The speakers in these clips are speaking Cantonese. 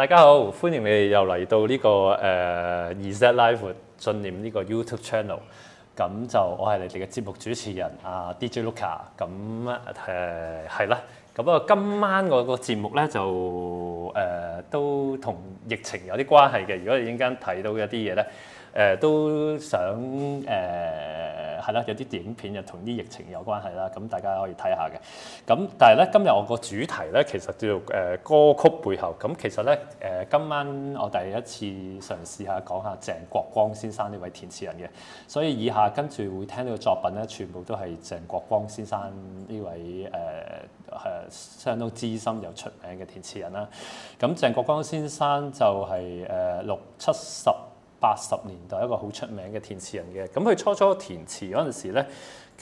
大家好，歡迎你哋又嚟到呢、這個誒 e、呃、ZLive 進念呢個 YouTube Channel。咁、嗯、就我係你哋嘅節目主持人啊 DJ Luka。咁誒係啦。咁、嗯、啊，今晚我個節目咧就誒、呃、都同疫情有啲關係嘅。如果你陣間睇到嘅一啲嘢咧，誒、呃、都想誒。呃係啦，有啲電影片就同啲疫情有關係啦，咁大家可以睇下嘅。咁但係咧，今日我個主題咧其實叫誒歌曲背後。咁其實咧誒，今晚我第一次嘗試下講下鄭國江先生呢位填詞人嘅。所以以下跟住會聽到嘅作品咧，全部都係鄭國江先生呢位誒、呃、誒相當資深又出名嘅填詞人啦。咁鄭國江先生就係誒、呃、六七十八十年代一個好出名嘅填詞人嘅，咁佢初初填詞嗰陣時呢。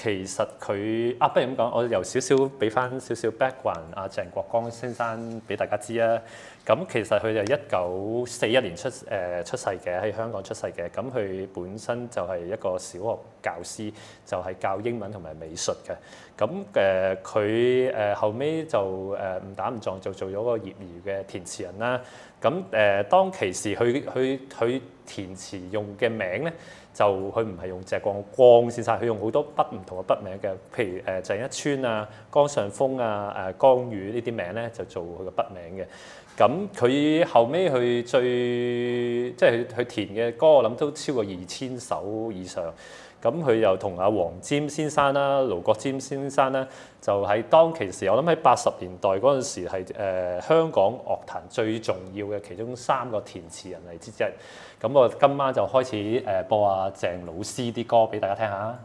其實佢啊，不如咁講，我由少少俾翻少少 background 阿鄭國江先生俾大家知啊。咁、嗯、其實佢就一九四一年出誒、呃、出世嘅，喺香港出世嘅。咁、嗯、佢本身就係一個小學教師，就係、是、教英文同埋美術嘅。咁誒佢誒後尾就誒誤、呃、打誤撞就做咗個業餘嘅填詞人啦。咁、嗯、誒、呃、當其時佢佢佢填詞用嘅名咧。就佢唔係用鄭國江先生，佢用好多筆唔同嘅筆名嘅，譬如誒鄭、呃、一川啊、江上風啊、誒、呃、江羽呢啲名咧，就做佢嘅筆名嘅。咁佢後尾，佢最即係佢填嘅歌，我諗都超過二千首以上。咁佢又同阿黃霑先生啦、盧國沾先生啦，就喺當其時，我諗喺八十年代嗰陣時，係、呃、香港樂壇最重要嘅其中三個填詞人嚟之一。咁我今晚就開始誒播阿、啊、鄭老師啲歌俾大家聽下。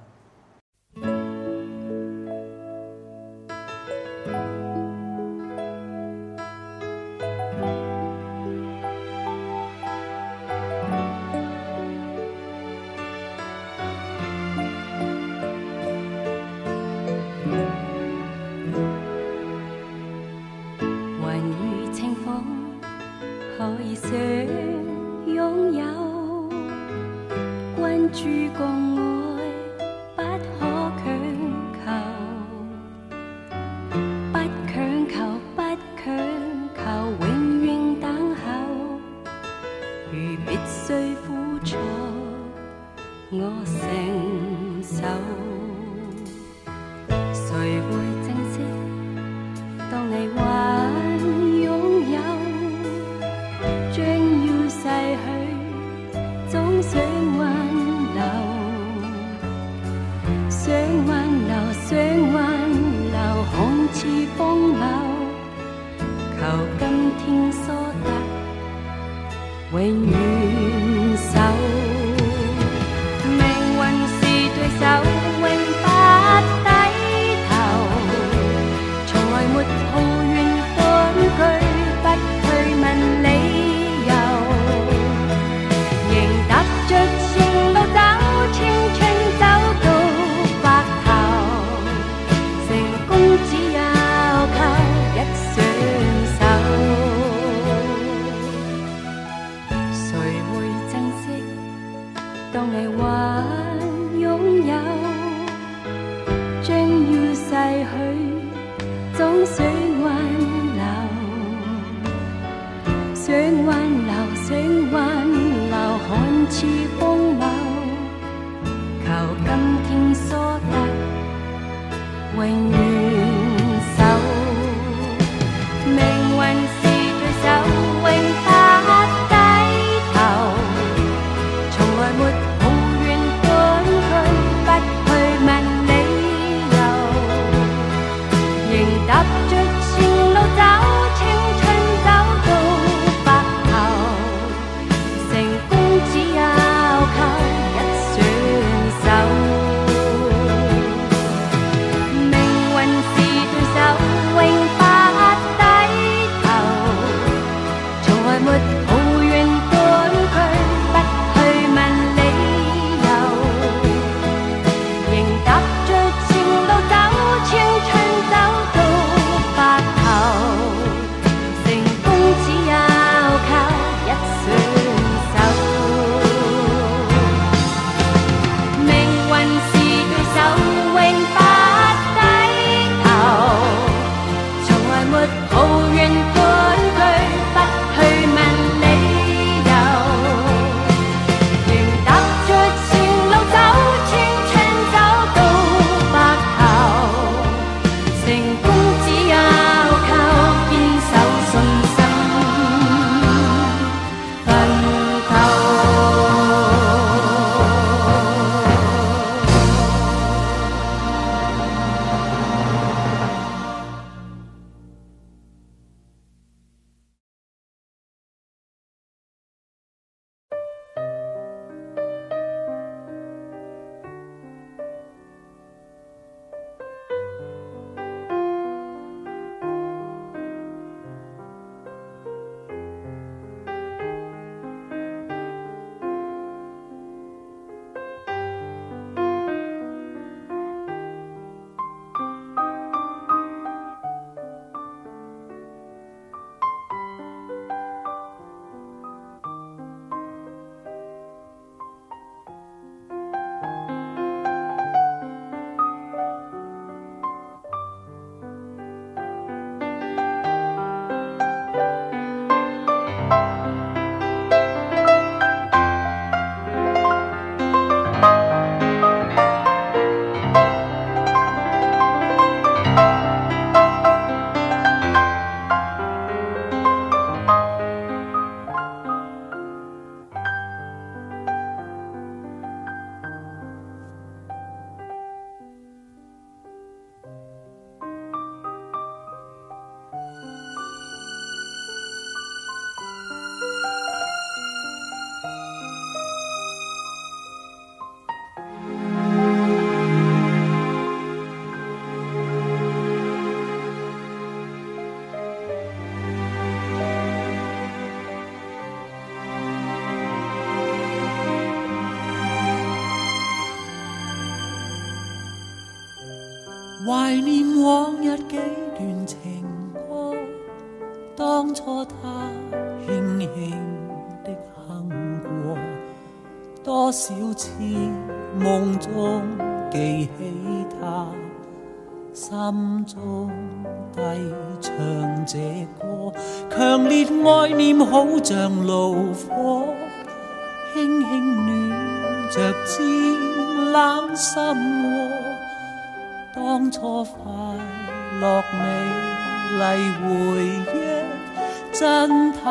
求今天所得，永遠守。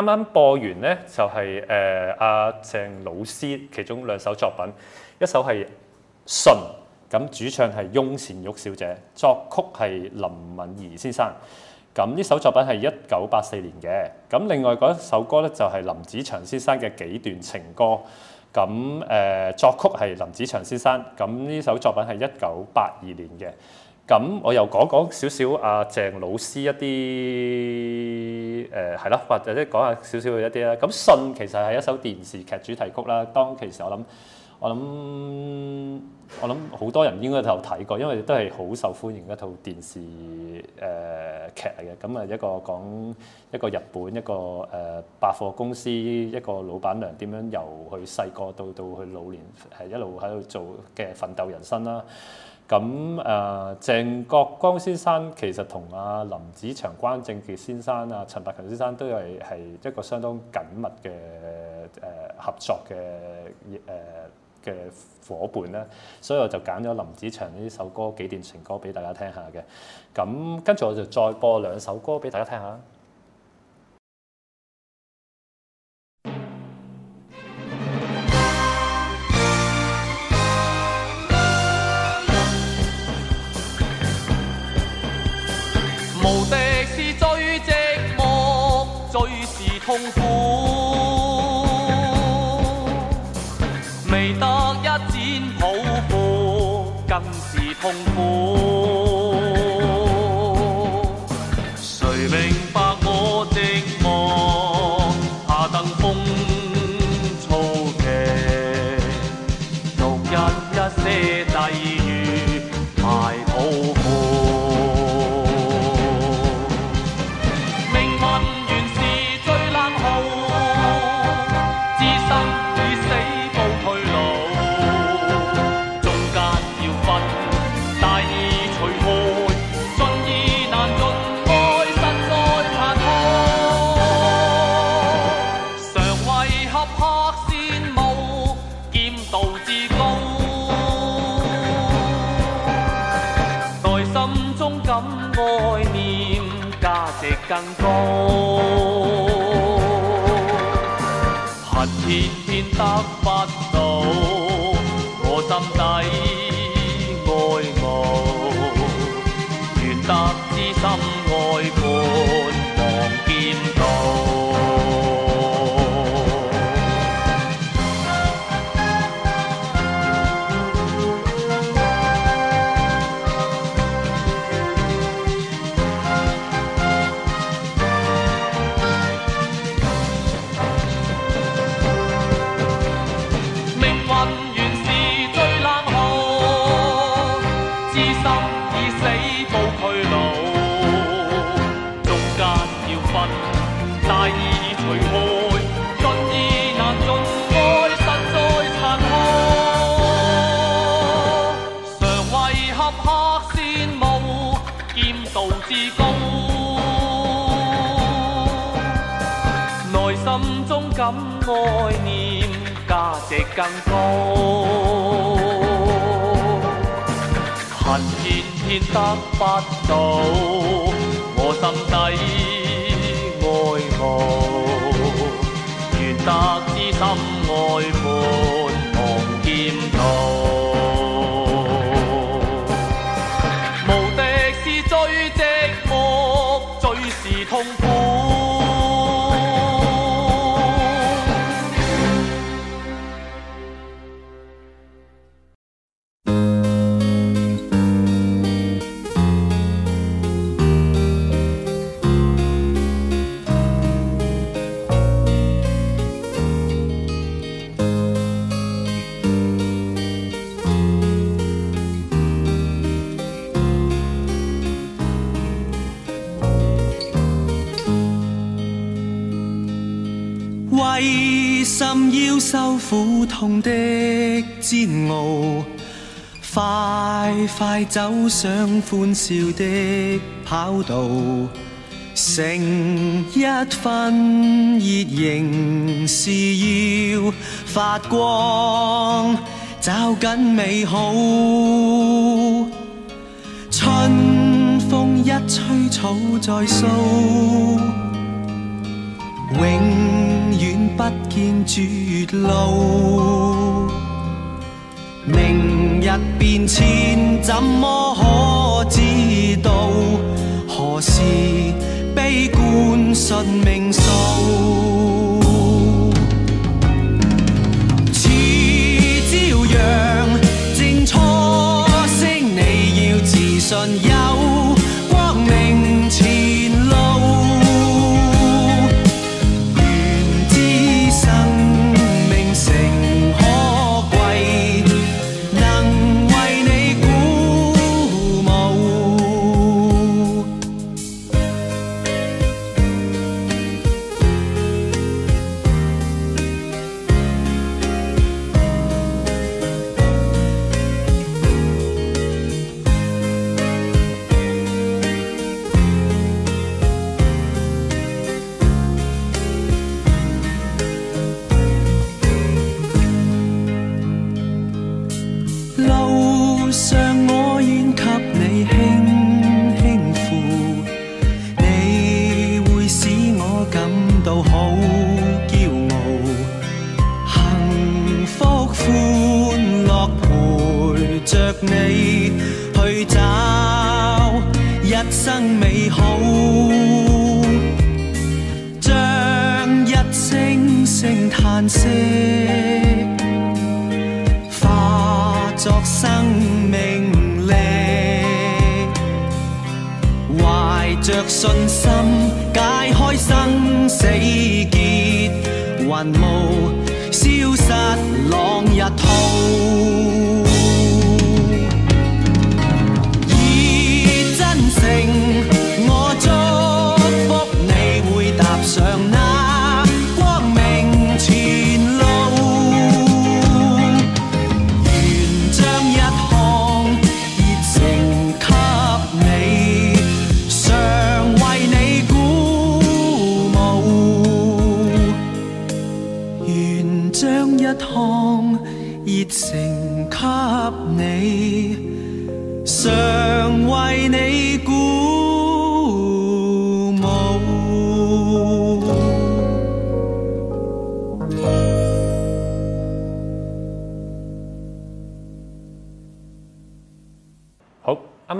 啱啱播完咧，就係誒阿鄭老師其中兩首作品，一首係《信》，咁主唱係翁倩玉小姐，作曲係林敏怡先生。咁呢首作品係一九八四年嘅。咁另外嗰一首歌咧就係林子祥先生嘅幾段情歌，咁誒、呃、作曲係林子祥先生。咁呢首作品係一九八二年嘅。咁我又講講少少阿鄭老師一啲誒係啦，或者講下少少嘅一啲啦。咁、嗯《信》其實係一首電視劇主題曲啦。當其時我諗，我諗我諗好多人應該都有睇過，因為都係好受歡迎一套電視誒、呃、劇嚟嘅。咁、嗯、啊一個講一個日本一個誒、呃、百貨公司一個老闆娘點樣由佢細個到到佢老年係一路喺度做嘅奮鬥人生啦。咁誒、呃，鄭國江先生其實同啊林子祥、關正傑先生啊、陳百強先生都係係一個相當緊密嘅誒、呃、合作嘅誒嘅夥伴啦，所以我就揀咗林子祥呢首歌，幾段情歌俾大家聽下嘅。咁跟住我就再播兩首歌俾大家聽下。未得一展抱負，更是痛苦。更高，恨天天得不到。黑羨慕，劍道之高，內心中感愛念價值更高。恨天天得不到，我心底愛慕，願得知心愛伴旁劍道。消受苦痛的煎熬，快快走上歡笑的跑道。剩一分熱，仍是要發光。抓緊美好，春風一吹，草再蘇。永不見絕路，明日變遷怎麼可知道？何時悲觀信命數？似朝陽正初升，你要自信。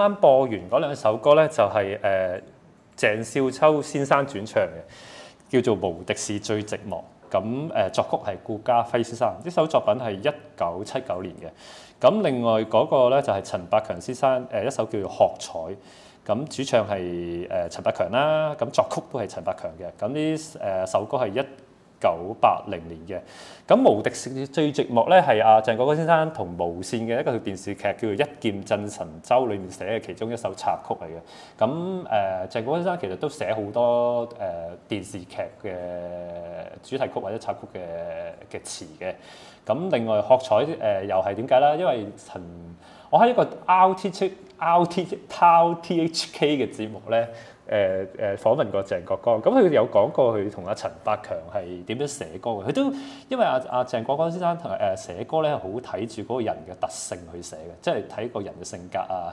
啱播完嗰兩首歌咧，就係誒鄭少秋先生轉唱嘅，叫做《無敵是最寂寞》。咁誒作曲係顧嘉輝先生，呢首作品係一九七九年嘅。咁另外嗰個咧就係陳百強先生誒一首叫做《喝采》。咁主唱係誒陳百強啦，咁作曲都係陳百強嘅。咁呢誒首歌係一九八零年嘅，咁《無敵最寂寞》咧係阿鄭國江先生同無線嘅一個電視劇叫做《一劍震神州》裏面寫嘅其中一首插曲嚟嘅。咁、嗯、誒、呃、鄭國江先生其實都寫好多誒、呃、電視劇嘅主題曲或者插曲嘅嘅詞嘅。咁、嗯、另外《喝采》誒、呃、又係點解啦？因為陳我喺一個 RT、RT、RTHK 嘅節目咧。誒誒、呃呃、訪問過鄭國江，咁、嗯、佢有講過佢同阿陳百強係點樣寫歌嘅。佢都因為阿、啊、阿、啊、鄭國江先生同誒寫歌咧，係好睇住嗰個人嘅特性去寫嘅，即係睇個人嘅性格啊，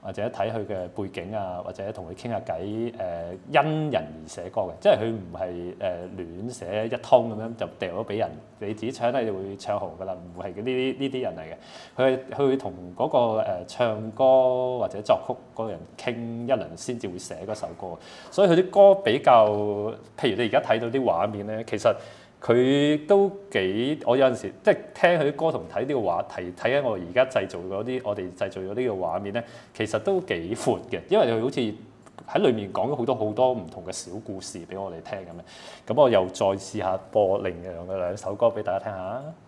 或者睇佢嘅背景啊，或者同佢傾下偈，誒、呃、因人而寫歌嘅，即係佢唔係誒亂寫一通咁樣就掉咗俾人，你自己唱咧就會唱好噶啦，唔係呢啲呢啲人嚟嘅。佢佢會同嗰、嗰個、呃、唱歌或者作曲嗰個人傾一輪先至會寫嗰首歌，所以佢啲歌比較，譬如你而家睇到啲畫面咧，其實。佢都幾，我有陣時即係聽佢啲歌同睇呢個話題，睇緊我而家製造嗰啲，我哋製造咗呢個畫面咧，其實都幾闊嘅，因為佢好似喺裏面講咗好多好多唔同嘅小故事俾我哋聽咁樣。咁我又再試下播另外兩首歌俾大家聽下。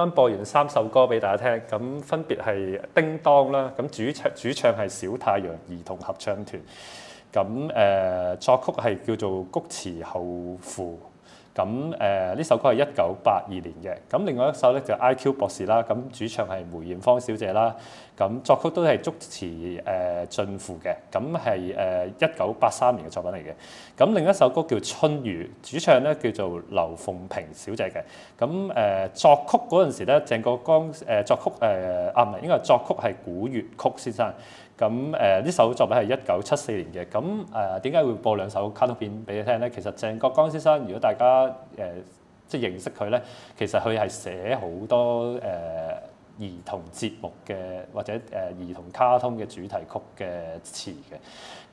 啱播完三首歌俾大家聽，咁分別係《叮噹》啦，咁主，主唱主唱係小太陽兒童合唱團，咁誒、呃、作曲係叫做菊池俊輔，咁誒呢首歌係一九八二年嘅，咁另外一首咧就係 I.Q. 博士啦，咁主唱係梅艷芳小姐啦。咁作曲都係菊池誒俊輔嘅，咁係誒一九八三年嘅作品嚟嘅。咁另一首歌叫《春雨》，主唱咧叫做劉鳳屏小姐嘅。咁誒作曲嗰陣時咧，鄭國江誒作曲誒啊唔係，應該係作曲係古月曲先生。咁誒呢首作品係一九七四年嘅。咁誒點解會播兩首卡通片俾你聽咧？其實鄭國江先生，如果大家誒即係認識佢咧，其實佢係寫好多誒。兒童節目嘅或者誒、呃、兒童卡通嘅主題曲嘅詞嘅。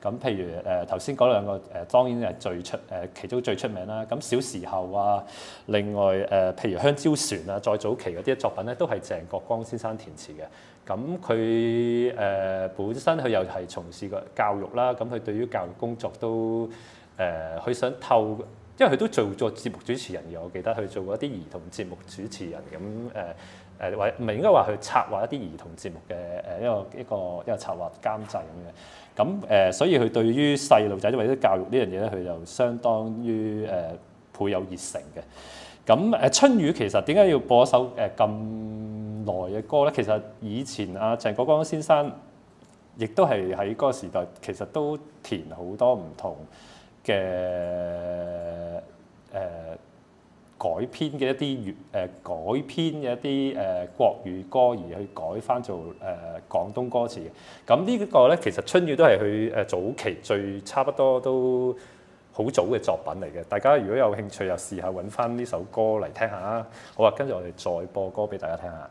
咁譬如誒頭先嗰兩個誒、呃、當然係最出誒、呃、其中最出名啦。咁小時候啊，另外誒、呃、譬如香蕉船啊，再早期嗰啲作品咧都係鄭國江先生填詞嘅。咁佢誒本身佢又係從事過教育啦，咁佢對於教育工作都誒佢、呃、想透，因為佢都做過節目主持人嘅，我記得佢做過一啲兒童節目主持人咁誒。誒或唔係應該話佢策劃一啲兒童節目嘅誒、呃、一個一個一個策劃監製咁嘅。咁、呃、誒所以佢對於細路仔或者教育呢樣嘢咧，佢就相當於誒抱、呃、有熱誠嘅。咁、呃、誒春雨其實點解要播一首誒咁耐嘅歌咧？其實以前阿、啊、鄭國江先生亦都係喺嗰個時代，其實都填好多唔同嘅誒。呃改編嘅一啲粵誒改編嘅一啲誒、呃、國語歌，而去改翻做誒、呃、廣東歌詞嘅。咁呢個咧，其實春雨都係佢誒早期最差不多都好早嘅作品嚟嘅。大家如果有興趣，又試下揾翻呢首歌嚟聽下啊。好啊，跟住我哋再播歌俾大家聽下。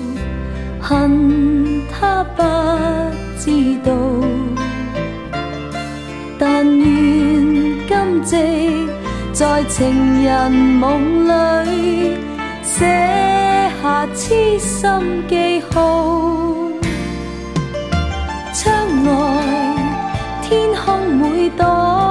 恨他不知道，但願今夕在情人夢裏寫下痴心記號。窗外天空每朵。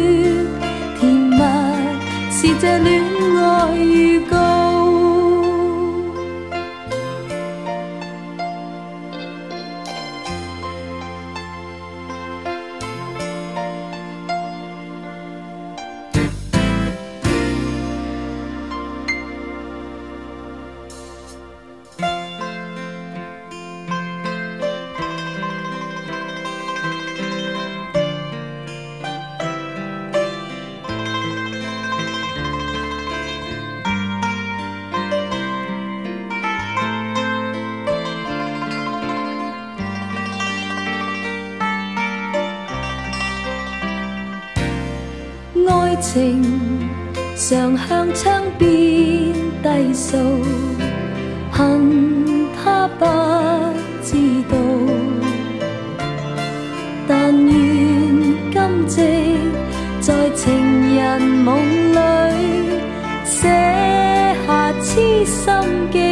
情人夢裏寫下癡心記。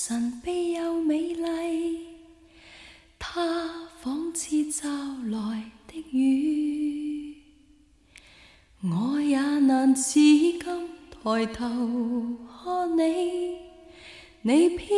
神秘又美麗，它仿似驟來的雨，我也難自禁抬頭看你，你偏。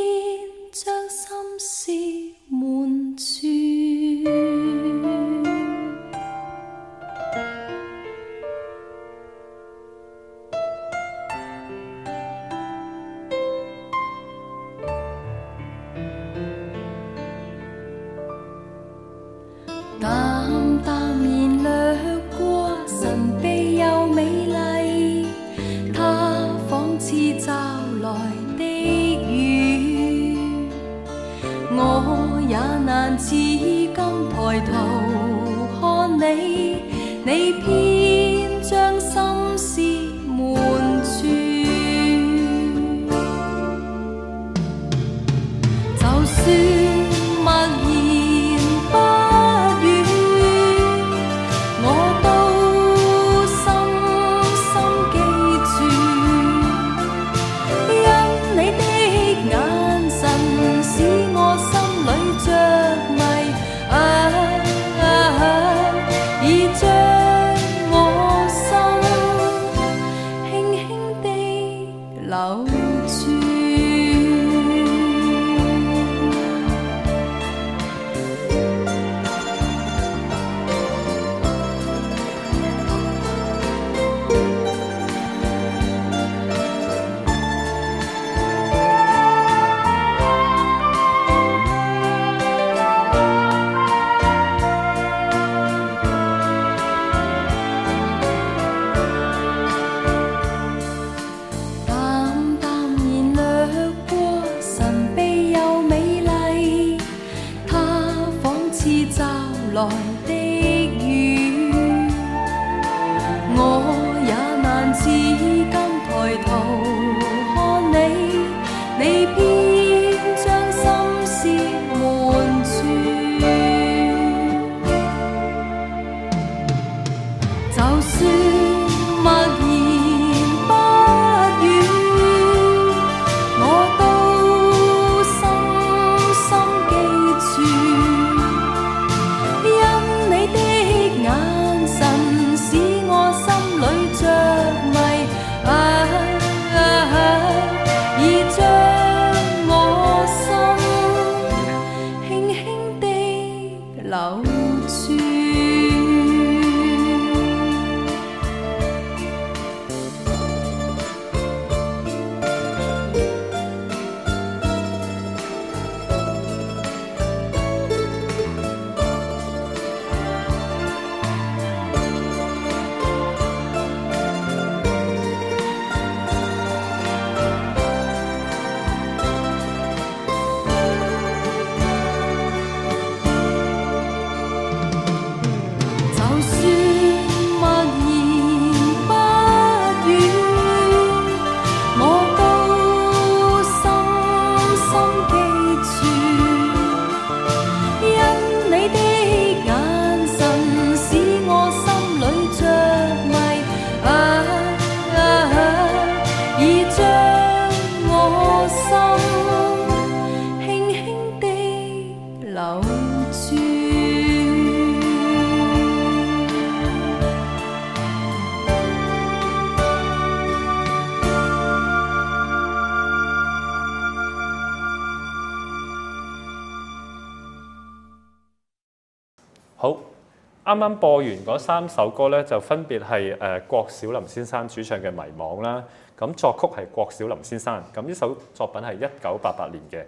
啱啱播完嗰三首歌咧，就分別係誒郭小霖先生主唱嘅《迷惘》啦，咁作曲係郭小霖先生，咁呢首作品係一九八八年嘅。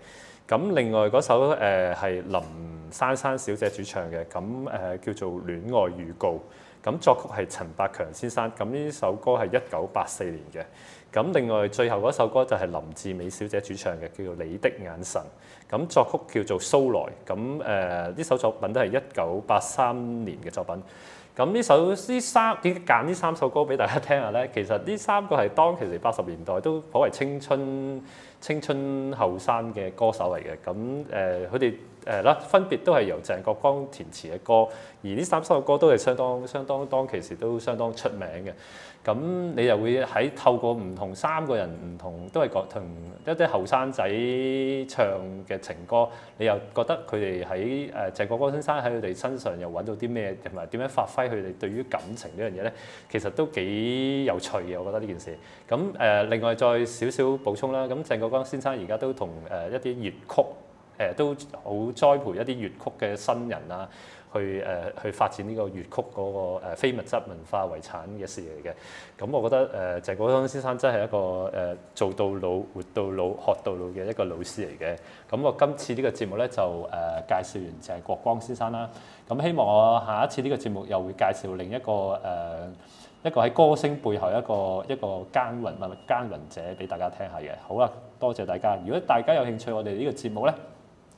咁另外嗰首誒係林珊珊小姐主唱嘅，咁誒叫做《戀愛預告》，咁作曲係陳百強先生，咁呢首歌係一九八四年嘅。咁另外最後嗰首歌就係林志美小姐主唱嘅，叫做《你的眼神》。咁作曲叫做蘇來，咁誒呢首作品都係一九八三年嘅作品。咁呢首呢三點解揀呢三首歌俾大家聽下咧？其實呢三個係當其時八十年代都可為青春青春後生嘅歌手嚟嘅。咁誒佢哋。呃誒啦、呃，分別都係由鄭國江填詞嘅歌，而呢三首歌都係相當、相當當其時都相當出名嘅。咁你又會喺透過唔同三個人、唔同都係同一啲後生仔唱嘅情歌，你又覺得佢哋喺誒鄭國江先生喺佢哋身上又揾到啲咩，同埋點樣發揮佢哋對於感情呢樣嘢咧？其實都幾有趣嘅，我覺得呢件事。咁誒、呃，另外再少少補充啦。咁鄭國江先生而家都同誒、呃、一啲粵曲。誒、呃、都好栽培一啲粵曲嘅新人啊，去誒、呃、去發展呢個粵曲嗰、那個非物質文化遺產嘅事嚟嘅。咁、嗯、我覺得誒、呃、鄭國江先生真係一個誒、呃、做到老活到老學到老嘅一個老師嚟嘅。咁、嗯、我今次呢個節目咧就誒、呃、介紹完鄭國江先生啦。咁、嗯、希望我下一次呢個節目又會介紹另一個誒、呃、一個喺歌聲背後一個一個耕耘唔係耕耘者俾大家聽下嘅。好啦，多謝大家。如果大家有興趣我哋呢個節目咧～